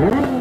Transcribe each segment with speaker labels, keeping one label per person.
Speaker 1: Thank you.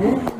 Speaker 1: Mm-hmm.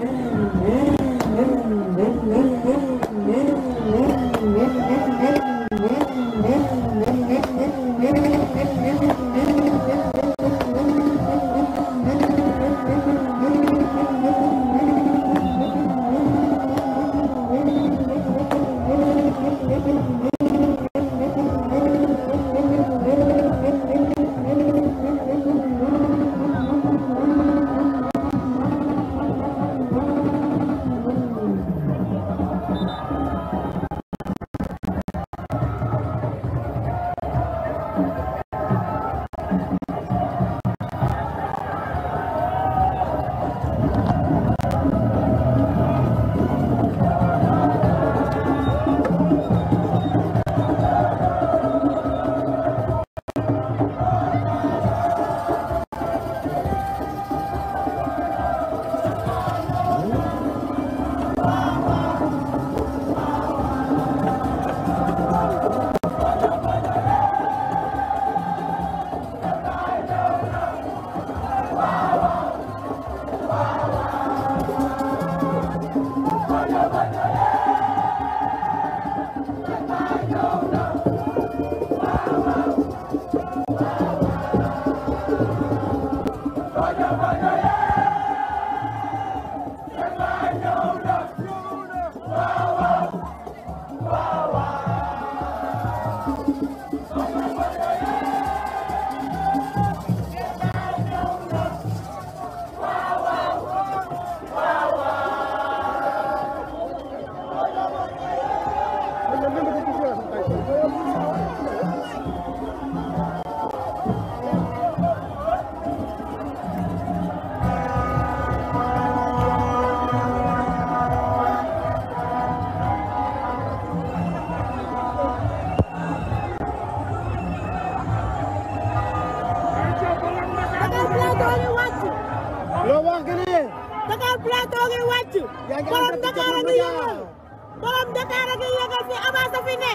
Speaker 1: am Dakar a ngi yëgal fi Abass a fi ne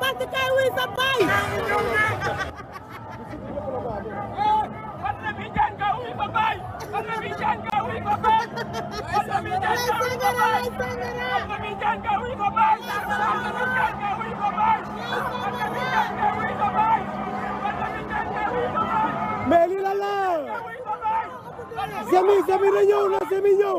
Speaker 1: parce que kay wuy sa baay walla mi jaan ka wuy sa baay walla mi jaan ka wuy sa baay walla mi jaan ka wuy sa baay mais lii la la Zemi Zemi la ñëw na Zemi ñëw